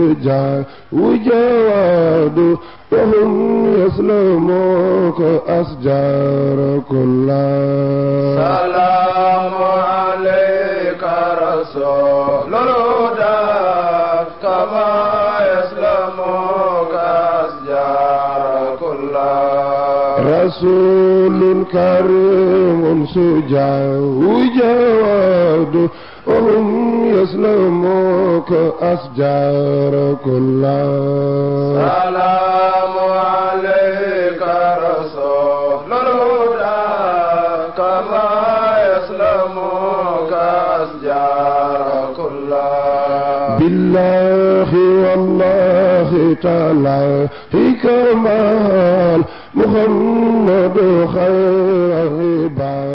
جاء وجواد وهم يسلموك أسجار كلا سلام عليك رسول الهدى كما يسلموك أسجار كلا رسول كريم سجاه وجواد وهم يسلموك أسجار كلها سلام عليك رسول الهدى كما يسلموك أسجار كلها بالله والله تعالى في كرمال محمد خير العباد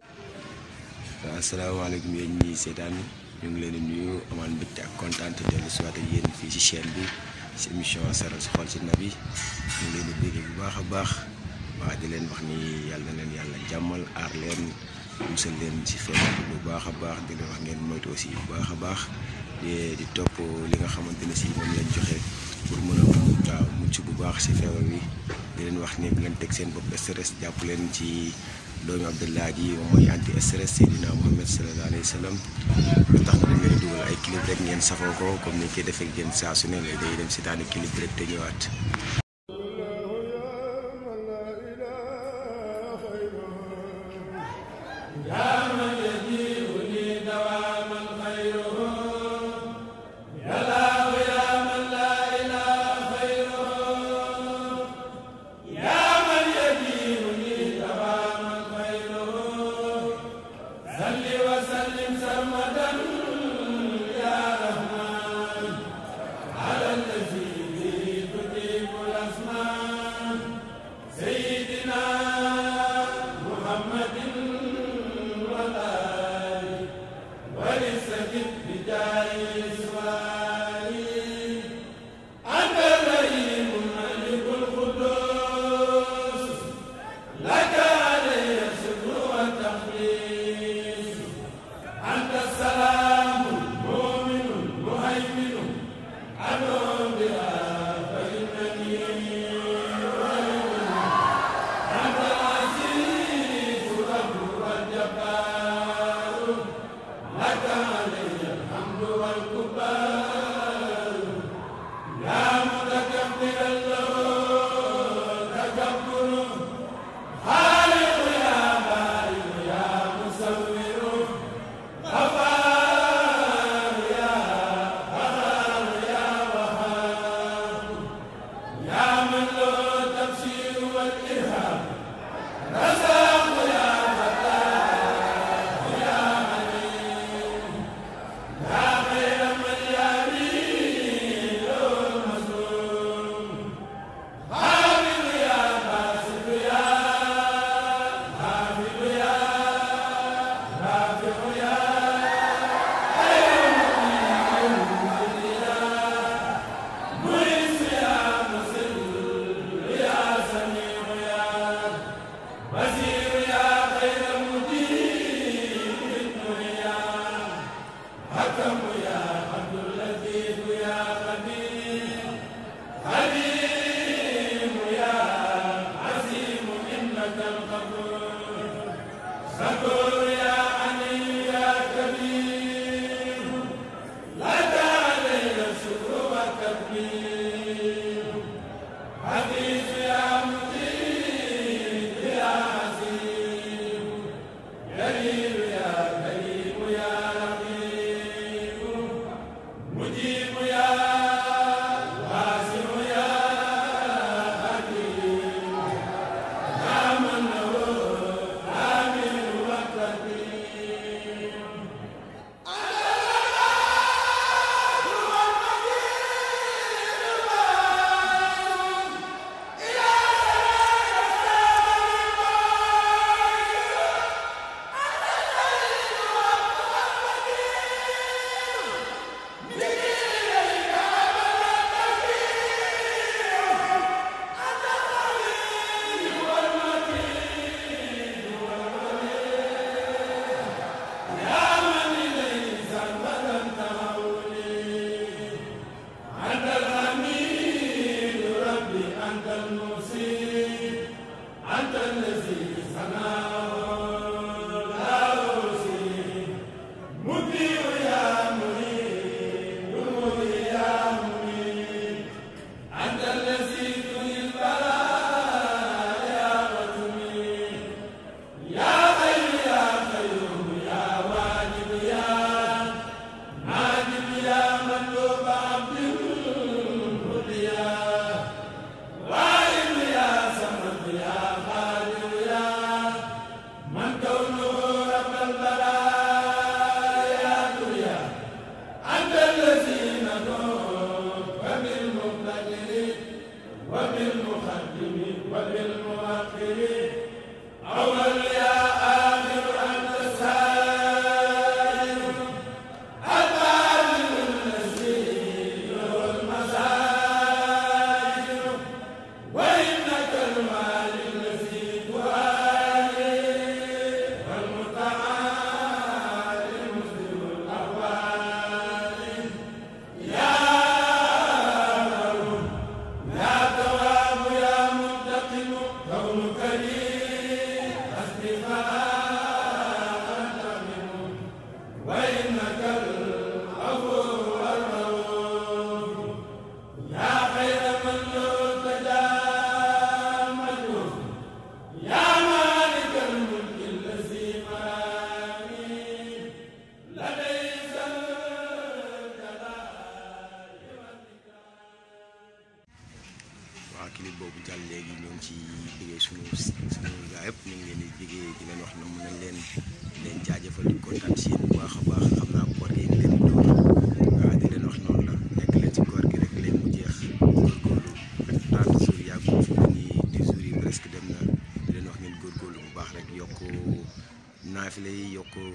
السلام عليكم يا ني سيداني ñu ngi leen di nuyu amaan ak kontaan te dellu si waat ak fii ci chaîne bi ci émission seral si xool si nabi ñu ngi leen di bégee bu baax a baax waa di leen wax ni yàlla leen yàlla jàmmal aar leen musal leen ci feebar bu baax a baax di leen wax ngeen moytu aussi bu baax a baax di topp li nga xamante ne si lañ joxe pour mën a waaw mucc bu baax ci feebar bi di leen wax ni bu leen teg seen bopp stress jàpp leen ci. doomi Abdullahi mooy anti stress Seydina Muhammad sallallahu alayhi wa sallam lu tax na dañu dugal ay clip rek ngeen safoo ko comme ni ñu koy defee ak saa su ne léegi day dem si daanu clip rek te ñëwaat.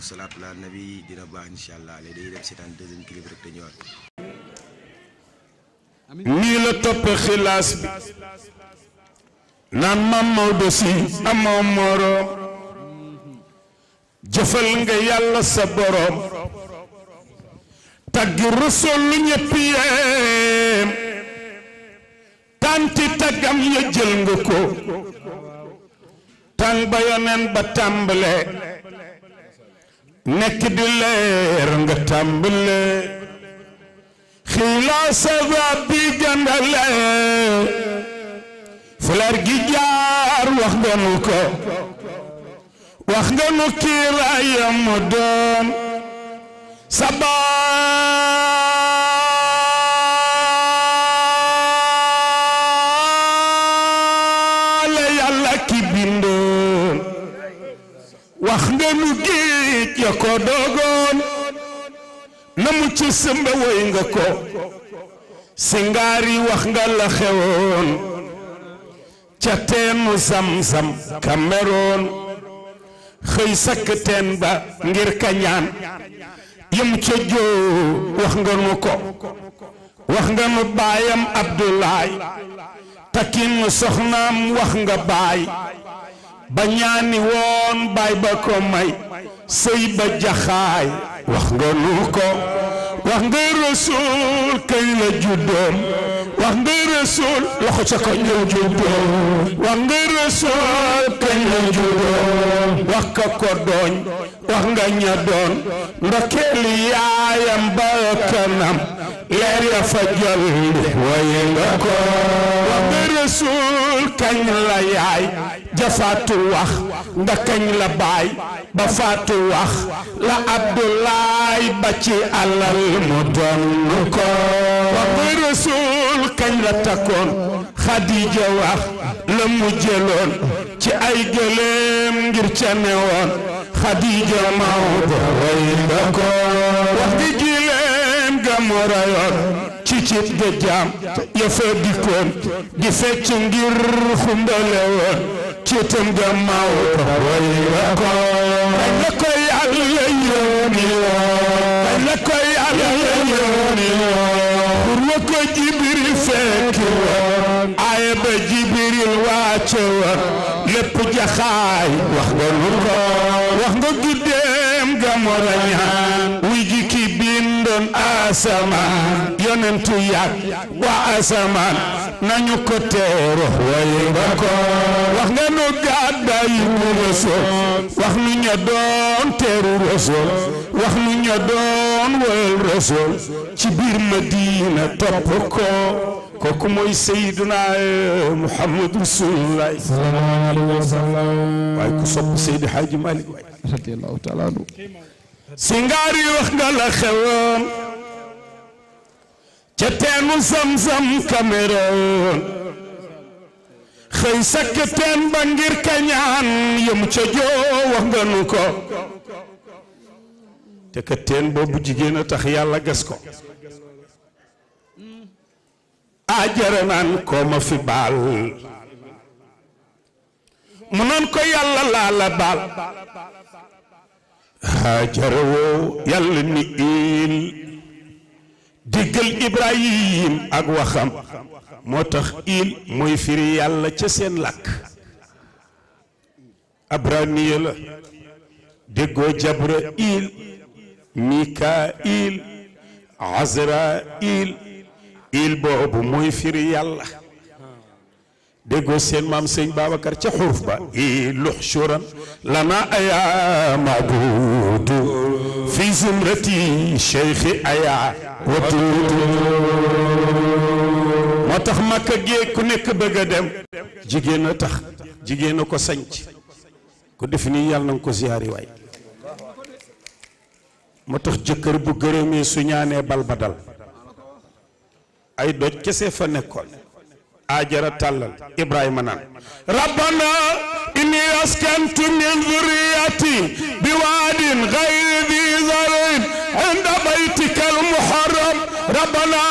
salaatu nii la topp xilaas bi. naan maam Maodo si amoo moroom. jëfal nga yàlla sa boroom. tagg rasul lu ñëpp yem. tanti taggam ya jël nga ko. tàng ba yoneen ba tàmbale. nekk di leer nga tàmbale xiilaa sabab bi gandale fulaar gi jaar wax nga nu ko wax nga nu kiiraayam mu doon sabaale yàlla ki wax nga nu géej ya ko dogoon na mu ci sëmba woy nga ko singaari wax nga la xewoon ca teenu zam-zam kameroon xëy sakk teen ba ngir kañaan yëm ca joo wax nga nu ko wax nga nu baayam Abdoulaye takkin soxnaam wax nga baay ba ñaani woon baay ba ko may sëy ba jaxaay wax nga nu ko wax nga rasuul kañ la juddoom wax nga rasuul loxo ca ko ñëw juddoom wax nga rasuul kañ la juddoom wax ka ko dooñ wax nga ña doon ndokeeli yaayam ba kanam leer ya fa jolli waye nga ko wax nga rasuul kañ la yaay jafaatu wax nga kañ la baay ba faatu wax la Abdoulaay ba ci alal mu doon ko waxi rasuul kañ la takkoon Xadija wax la mu jëloon ci ay gëléem ngir ca newoon Xadija Maodo way nga ko waxi gëléem ga mu rayoon ci cib ga jaam ya di fecc ngir xumbale woon ci tëndam maw taxawal la ko. kañ la ko yàlla yónni woon. kañ la ko yàlla yónni woon. pour ko Jibril fekk woon. aaya ba Jibril wàcc woon. lépp jaxaay wax nga lu ko. wax nga guddeem gamora ñaan. wuy ji ki bindoon asamaan. yonentu yàgg waa asamaan. nañu ko teeroo way ba ko wax nga nu gàddaay bu rasul wax nu ña doon teeru rasul wax nu ña doon wayal rasul ci biir madina topp ko kooku mooy Seydina Muhammad Rasulullah sallallahu alayhi wa sallam waaye ku sopp Seydi Hadji Malick waay radiyallahu taala anhu si ngaar yi wax nga la xewoon ca teenu samsam Cameroon xëy sakk teen ba ngir kañaan yëm ca joo wax ko te ka teen boobu jigéen a tax yàlla gas ko ajara naan ko fi baal mu naan ko yàlla laa la baal ajara woo yàlla ni il ديغل ابراهيم اك وخم موتخ ايل موي فيري يالا تي سين لاك ابرانيل ديغو جبرائيل ميكائيل عزرائيل ايل بوب موي فيري يالا déggoo seen maam sëñ Babacar ca xuruf ba i lux suran lana aya maabudu fi zumrati cheikhi aya watudu moo tax makk gee ku nekk bëgg a dem jigéen a tax jigéen a ko sanc ku def nii yàlla na nga ko ziyaari waay moo tax jëkkër bu gërëmee su ñaanee bal dal ay doj kese fa nekkoon ajara tallal ibrahima nan rabbana inni askantu min dhurriyyati biwadin ghayri dhi zarin inda baytika al-muharram rabbana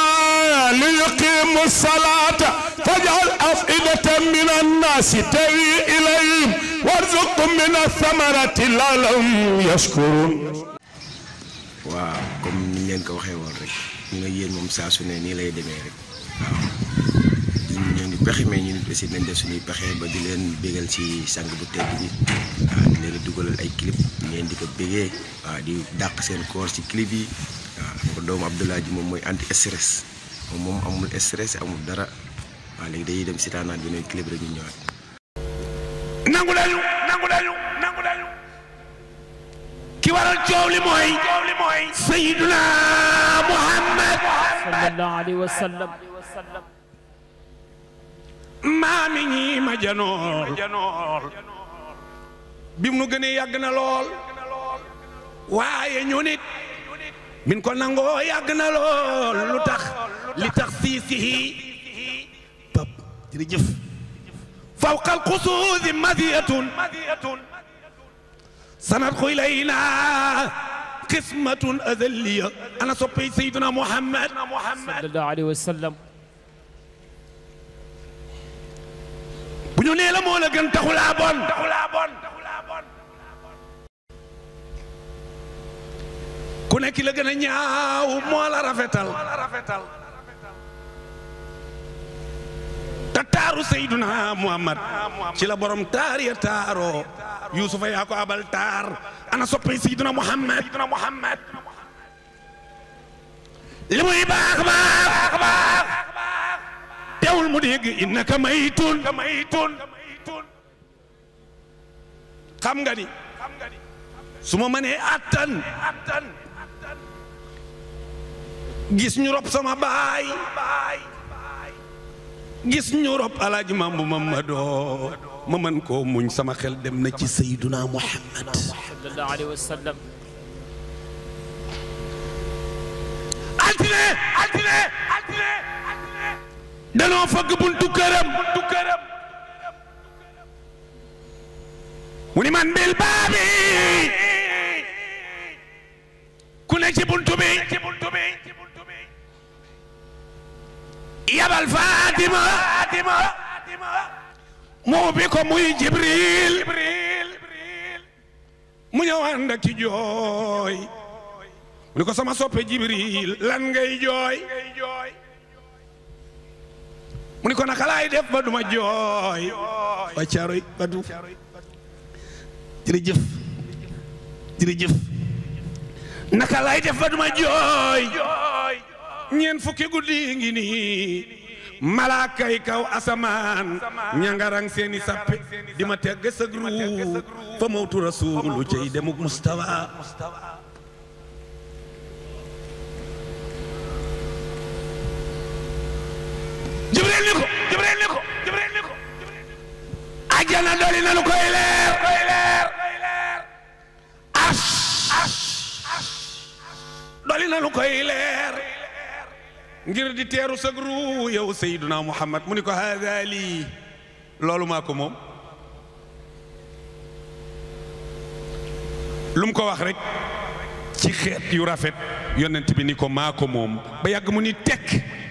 liyuqimu salata faj'al af'idatan min annasi tawi ilayhim warzuqhum min athamarati la'allahum yashkurun waaw comme ni leen ko waxee woon rek ñu nga yéen moom su ne nii lay demee rek yang dipakai ngi presiden mais ñun aussi nañ def suñuy pexe ba di leen bégal ci sang bu tedd bi ah, di leen dugalal ay clip ngeen di ko ah, di seen koor ci clip yi ko ji anti stress moom amul stress amul dara waaw ah, léegi dañuy dem sitaanaat beneen clip rek ñu ñëwaat nangu nangu nangu ki waral sayyiduna muhammad sallallahu alayhi wa maami ñii ma janool bi mu nu gënee yàgg na lool waaye ñu nit min ko nangoo yàgg na lool lu tax li tax sii sihii pap jërëjëf fawqa alqusuusi madiyatun sanadxu ilayna qismatun azaliya ana soppay sayyiduna muhammad sallallahu alayhi wa sallam bu ñu nee la moo la gën taxulaa bon taxulaa bon ku nekk la gën a ñaaw moo la rafetal te taaru Seyduna Muhammad ci la borom taar ya taaroo Yuusufa yaa ko abal taar ana soppay Seyduna Muhammad li muy baax baax baax teewul mu dégg innaka maytun maytun xam nga su ma manee attan gis ñu rob sama baay gis ñu rob alaaji Mambu Mamadoo ma mën koo muñ sama xel dem na ci Seyduna Muhammad altine altine danoo fëgg buntu këram mu ni man bil baabi ku ne ci buntu yabal Fatima mu bi ko muy Jibril mu ñëw jooy mu ni ko sama soppe Jibril lan jooy mu ni ko naka laay def ba duma jooy jooy ñeent fukki guddi ngi nii kaw asamaan ñangarang seeni sappi di ma tegg sëg ruu fa mawtu rasuulu cay demuk mustawa jibril ni ko jibril ni ko jibril ni ko ajjana doli koy leer ngir di teeru sagru yow sayyiduna muhammad mu ni ko haada lii loolu maa ko moom lu ko wax rek ci xeet yu rafet yon bi ni ko maa ko moom ba yàgg mu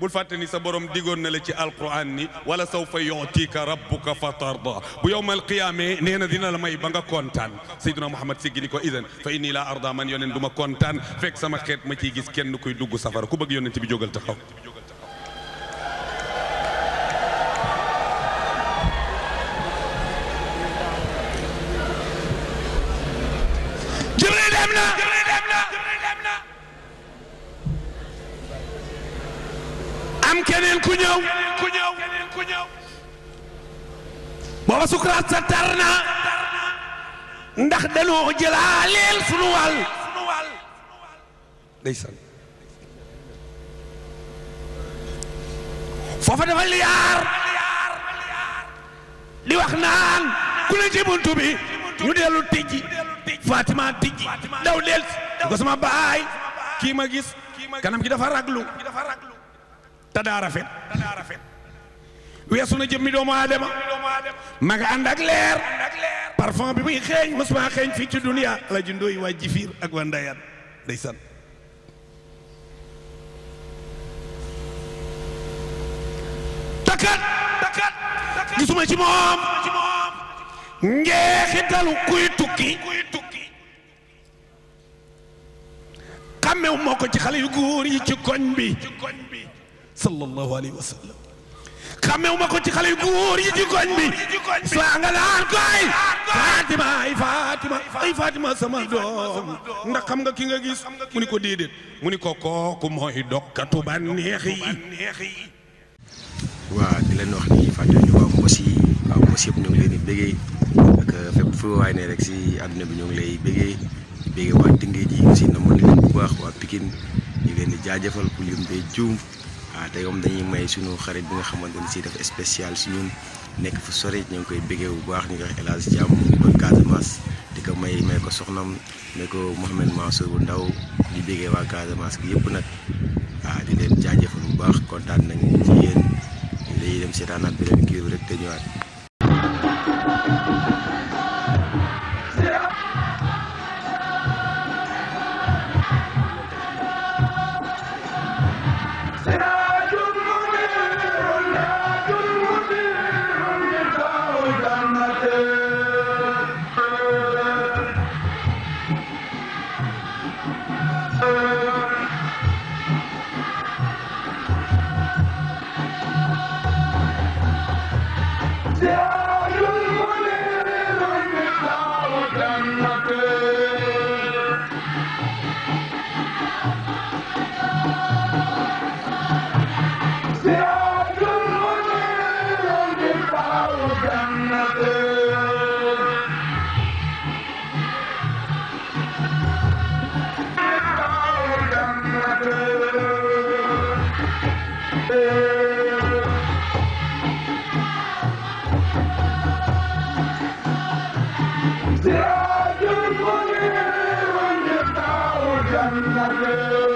bul fàtte ni sa borom digoon na la ci alquran ni wala sawfa yutika rabbuka fa tarda bu yowmal qiyaame nee na dina la may ba nga kontaan sayduna muhammad siggi ni ko idan fa inni laa arda man yoneen du ma kontaan fekk sama xeet ma ciy gis kenn kuy dugg safara ku bëgg yonent bi jógal taxaw booba sukuraat sa tar ndax danoo jëlaaleel sunu wàll foofa dafa liyaar di wax ku ne ci bi ñu dellu tijji Fatima tijji daw del du ko sama baay kii ma gis kanam gi dafa raglu te daa rafet weesu na jëmmi doomu aadama ma nga ànd ak leer parfum bi muy xeeñ mosuma xeeñ fii ci duniya la ji ndóoy waa ak waa ndayaan ndeysaan takkat gisuma ci moom njeexitalu kuy tukki xàmmewu moo ko ci xale yu ci koñ bi sallallahu alayhi wa sallam ma ko ci xale yu góor yi ci bi saa nga naan koy Fatima ay sama doom ndax xam nga ki nga gis mu ni ko déedéet mu ni ko kooku mooy dokkatu ba neex yi waaw di leen wax ni fàtte ñu waaw mbos yi waaw mbos yëpp ñoo ngi leen di béggee ak euh, fépp fu ne rek si àdduna bi ñoo ngi lay béggee di waa Tëngéej ji aussi na mën leen bu baax waa Pikine ñu leen di jaajëfal ku lim dee juum waaw ah, te yow dañuy may suñu xarit bi nga xamante ni si dafa spécial si ñun nekk fu sori ñu ngi koy béggee bu baax ñu koy El Hadj Thiam ba Casamance di ko may may ko soxnam ne ko Mouhamed Mansour bu ndaw di béggee waa Casamance gi yëpp nag waaw ah, di leen jaajëfal bu baax kontaan nañu ci yéen dañuy dem seetaanaat beneen kii rek te ñëwaat. Father.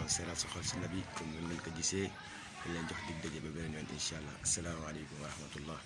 émission seeraat sa xol nabi comme ni ko gisee dañ jox dig daje ba yoon allah asalaamaaleykum wa rahmatullah